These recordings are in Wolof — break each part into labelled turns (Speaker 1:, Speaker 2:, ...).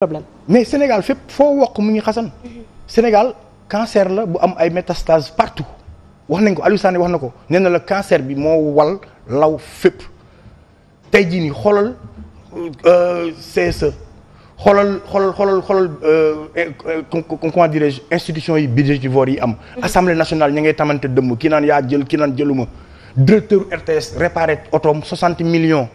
Speaker 1: problème mais Sénégal fépp foo wokk mu ngi xasan. Sénégal cancer la bu am ay métastase partout wax nañ ko Aliou Sané wax na ko nee na la cancer bi moo wal law fépp tey jii nii xoolal euh, CSE xoolal xoolal xoolal xoolal euh, comment dirais-je institution yi budgétivores yi am. Mhm. assemblée nationale ña ngay tamante dëmm ki naan yaa jël kii naan jëluma directeur RTS réparé otoom 60 millions.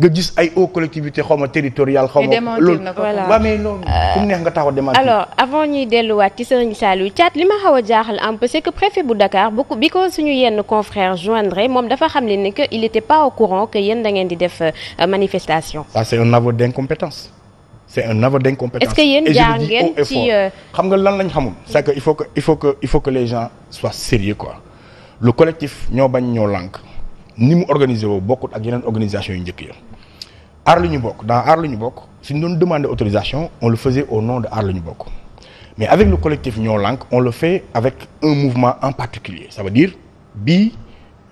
Speaker 1: nga gis ay o collectivité xaw ma territoriale xaw ma loolu waa mais loolu euh, ku neex nga taxaw démentir alors
Speaker 2: avant ñuy delluwaat ci sëriñ Saliou Thiat li ma xaw a jaaxal un peu c'est que préfet bu Dakar bu bi ko suñu yenn confrère joindre moom dafa xam ne ni que il était pas au courant que yéen da ngeen di def euh, manifestation
Speaker 1: ça c'est un aveu d'incompétence c'est un aveu d'incompétence est-ce que yéen jaar ngeen ci euh, xam nga lan lañ xamul c'est que il faut que il faut que il faut que les gens soient sérieux quoi le collectif ñoo bañ ñoo lànk ni mu organisé woo bokkut ak yeneen organisation yu njëkk ya aar lu ñu bokk dans aar lu ñu bokk suñ doon demander autorisation on le faisait au nom de aar lu ñu bokk mais avec le collectif ñoo lànk on le fait avec un mouvement en particulier ça veut dire bii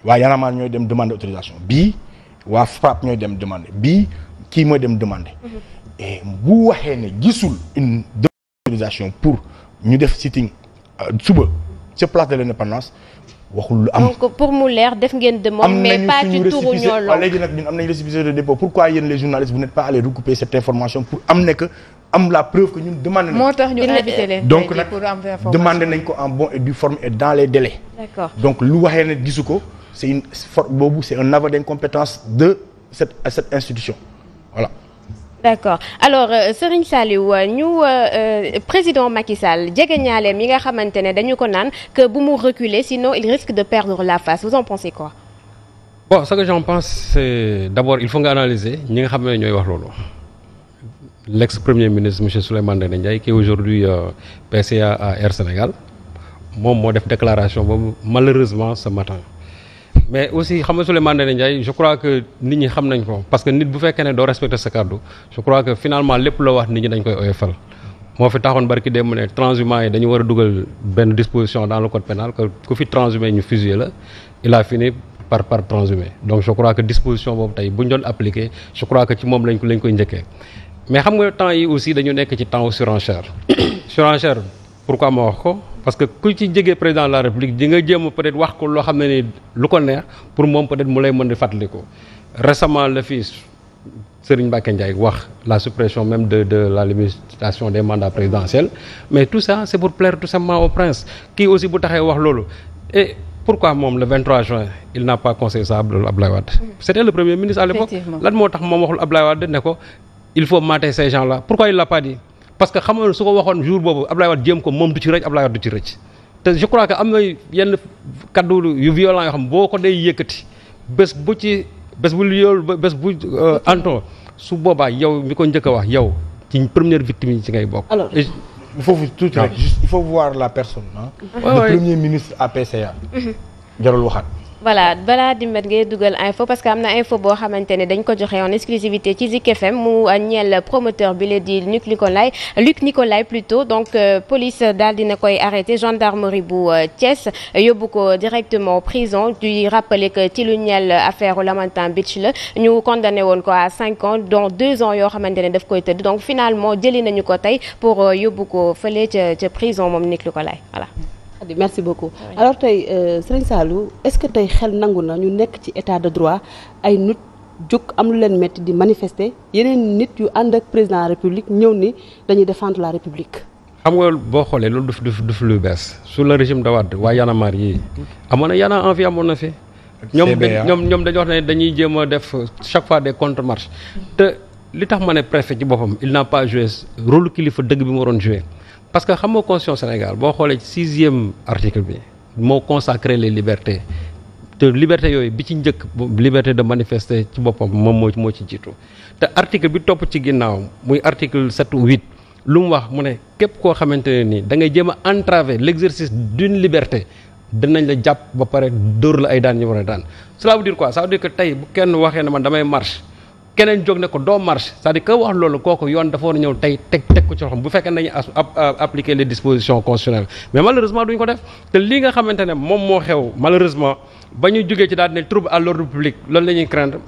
Speaker 1: waa Y'en ñooy dem demander autorisation bii waa FRAPP ñooy dem demander bii kii mooy dem demander mhm. et bu waxee ne gisul une autorisation pour ñu def sitting euh, suba ca place de l'indépendance waxul lu am donc
Speaker 2: pour mu leer def ngeen demande. mais pas ci turu ñoo lool léegi
Speaker 1: nag ñun am nañu récépissé de dépôt pourquoi yéen les journalistes vous n'êtes pas allés recouper cette information pour am ne am la preuve que ñun demandé nañ. moo tax ñu invité leen donc nag nañ ko en bon et due forme et dans les délais. donc lu waxee ne gisu ko c'est une for boobu c'est un aveu d'incompétence de cette cette institution voilà.
Speaker 2: d'accord alors euh, Serigne Saliou euh, ñu euh, président Macky Sall jege ñaaleem yi nga xamante ne dañu ko naan que bu mu reculer sinon il risque de perdre la face vous en pensez quoi.
Speaker 3: bon ce que j'en pense d'abord il faut nga analyser ñi nga xam ne ñooy wax loolu l'ex premier ministre monsieur Souleymane Ndéné Ndiaye qui est aujourd'hui PCA à Air Sénégal moom moo def déclaration boobu malheureusement ce matin. mais aussi xam nga Souleymane Ndéné Ndiaye je crois que nit ñi xam nañ ko parce que nit bu fekkee ne doo respecter sa kàddu je crois que finalement lépp loo wax nit ñi dañ koy oyofal. moo fi taxoon barki démb ne transhumant yi dañu war a dugal benn disposition dans le code pénal ku fi transhumé ñu fusillé la il a fini par par transhumé donc je crois que disposition boobu tey bu ñu doon appliqué je crois que ci moom lañ ko lañ koy njëkkee mais xam nga temps yi nekk ci temps surenchère ko. parce que ku ci jege président de la république di nga jéem peut-être wax ko loo xam ne ni lu ko neex pour moom peut-être mu lay mën di fàttaliku récemment la fii Serigne Mbacké Ndiaye wax la suppression même de de la limitation des mandats présidentiels mais tout ça c'est pour plaire tout simplement au prince kii aussi bu taxee wax loolu pourquoi moom le juin il n'a pas conseillé ça Abdoulaye Wade c'était le premier ministre à l'époque lan moo tax moom waxul Abdoulaye parce que xamoon ne su ko waxoon jour boobu Ablaye Wade jéem ko moom du ci rëcc Ablaye Wade du ci rëcc te je crois que am na yenn kaddu yu violent yoo xam boo ko day yëkkati bés bu ci bés bu yool bés bu euh, anto su boobaa yow mi ko njëkk a wax yow ci
Speaker 1: première victime yi ci ngay bokk. alors ah. il faut tout rek voir la personne ah. le premier ministre APCA. Mhm. jarul waxaat.
Speaker 2: voilà balaa dimbet ngay dugal info parce que am na info boo xamante ne dañ ko joxe en exclusivité ci Zik FM mu ñeel promoteur bi la di Luc Nicolaï Luc Nicolaï plutôt donc euh, police daal dina koy arrêté gendarmerie bu euh, Thiès yóbbu ko directement prison di rappeler que ci lu ñeel affaire Lamantin Beach la ñu condamné woon ko à cinq ans dont deux ans yoo xamante ne daf koy tëdd donc finalement jëli nañu ko tey pour euh, yóbbu ko fële ca ca prison moom Luc Nicolaï voilà. Khady merci beaucoup oui. alors tey euh, Serigne Saliou est-ce que tey xel nangu na ñu nekk ci état de droit ay nit jóg am lu leen métti di manifester yeneen nit yu ànd ak président république ñëw ni dañuy défendre la république.
Speaker 3: xam nga boo xoolee loolu duf duf duf lu bees sous le régime de Wade waa Y'en a marre yii amoon na Y'en a envie amoon na fi. ñoom ñoom ñoom dañu wax ne dañuy jéem def chaque fois de contre-marches te li tax ma ne préfet ci boppam il n'a pas joué rôle kilifa dëgg bi mu waroon parce que xam nga constitution Sénégal boo xoolee ci sixième bi moo consacré les libertés te liberté yooyu bi ci njëkk liberté de manifester ci boppam moom moo moo ci jiitu te article bi topp ci ginnaawam muy article sept ou lu mu wax mu ne képp koo xamante ne nii da ngay jéem a entraver l' exercice d' une liberté dinañ la jàpp ba pare dor la ay daan ñu war a daan cela veut dire quoi ça veut dire que tey bu kenn waxee na man damay marche keneen jóg ne ko doo marche c'est-à-dire wax loolu kooku yoon dafa war a ñëw tey teg teg ko ci loxoom bu fekkee nañu appliquer les dispositions constitutionnelles mais malheureusement duñ ko def te lii nga xamante ne moom moo xew malheureusement ba ñu jógee ci daal ne trouble à l'ordre public loolu la ñuy craindre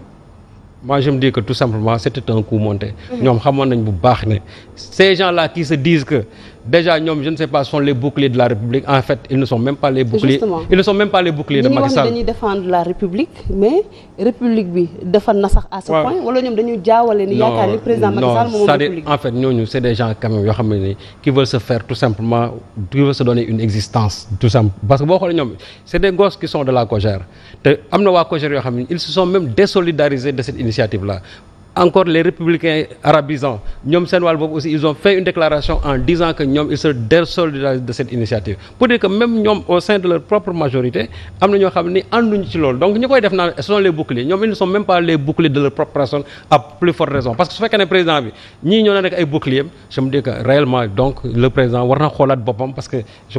Speaker 3: moi je me dis que tout simplement c'était un coup monté mmh. ñoom xamoon nañ bu baax ne ces gens là qui se disent que déjà ñoom je ne sais pas sont les boucliers de la République en fait ils ne sont même pas les boucliers ils ne sont même pas les boucliers de Macky Sall dañuy
Speaker 2: défendre la République mais République bi dafa na sax à ce point wala ñoom dañu jaawale ni yaakaar ni président Macky moom
Speaker 3: cest à en fait ñooñu c'est des gens quand même yoo xam ne ni qui veulent se faire tout simplement qui veulent se donner une existence tout simple parce que boo xoolee ñoom c'est des gosses qui sont xam ne ils se sont même désolidarisés de cette encore les républicains arabisants ñoom seen wàll boobu aussi ils ont fait une déclaration en disant que ñoom ils se désolidarisent de cette initiative pour dire que même ñoom au sein de leur propre majorité am na ñoo xam ni ànduñu ci donc ñi koy def naan sont les boucliers ñoom ils ne sont même pas les boucliers de leur propre personne à plus forte raison parce que su fekkee ne président bi ñii ñoo ne nekk ay boucliers je me dis que réellement donc na xoolaat boppam parce que je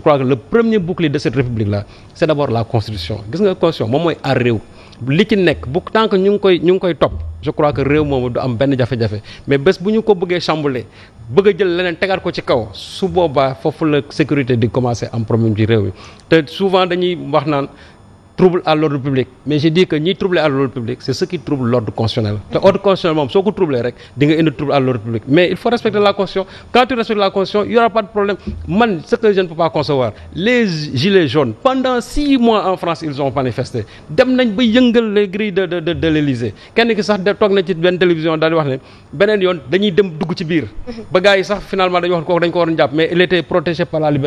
Speaker 3: li ci nekk bu tant que ñu ngi koy ñu ngi koy topp je crois que réew moomu du am benn jafe-jafe mais bés bu ñu ko bëggee chamboulé bëgg a jël leneen tegaat ko ci kaw su boobaa foofu la sécurité di commencer am problème ci réew mi te souvent dañuy wax naan trouble à l'ordre public mais je dis que ñiy troubler à l'ordre public c'est ce qui trouble l'ordre constitutionnel te ordre constitutionnel moom soo ko troubler rek di indi trouble à l'ordre public mais il faut respecter la constitution quand tu la constitution il y pas de problème man ce que je ne pas concevoir les gilets jaunes pendant six mois en France ils ont manifesté dem nañ ba yëngal les de de kenn ki sax toog na ci benn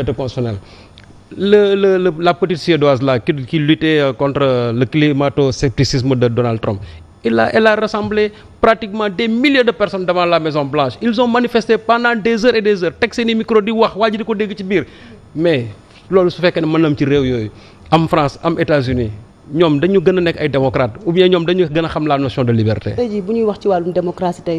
Speaker 3: le, le, la petite suédoise là qui, qui euh, contre le climato-scepticisme de Donald Trump. Il a, elle pratiquement des milliers de personnes devant la Maison Blanche. Ils ont manifesté pendant des heures et des heures. teg seeni micro di wax waa ji di ko dégg ci biir mais loolu su fekkee ne mën ci réew yooyu am France am États-Unis ñoom dañu gën nekk ay démocrate ou ñoom dañu gën xam la notion de liberté.
Speaker 2: tey jii bu ñuy wax ci wàllum démocratie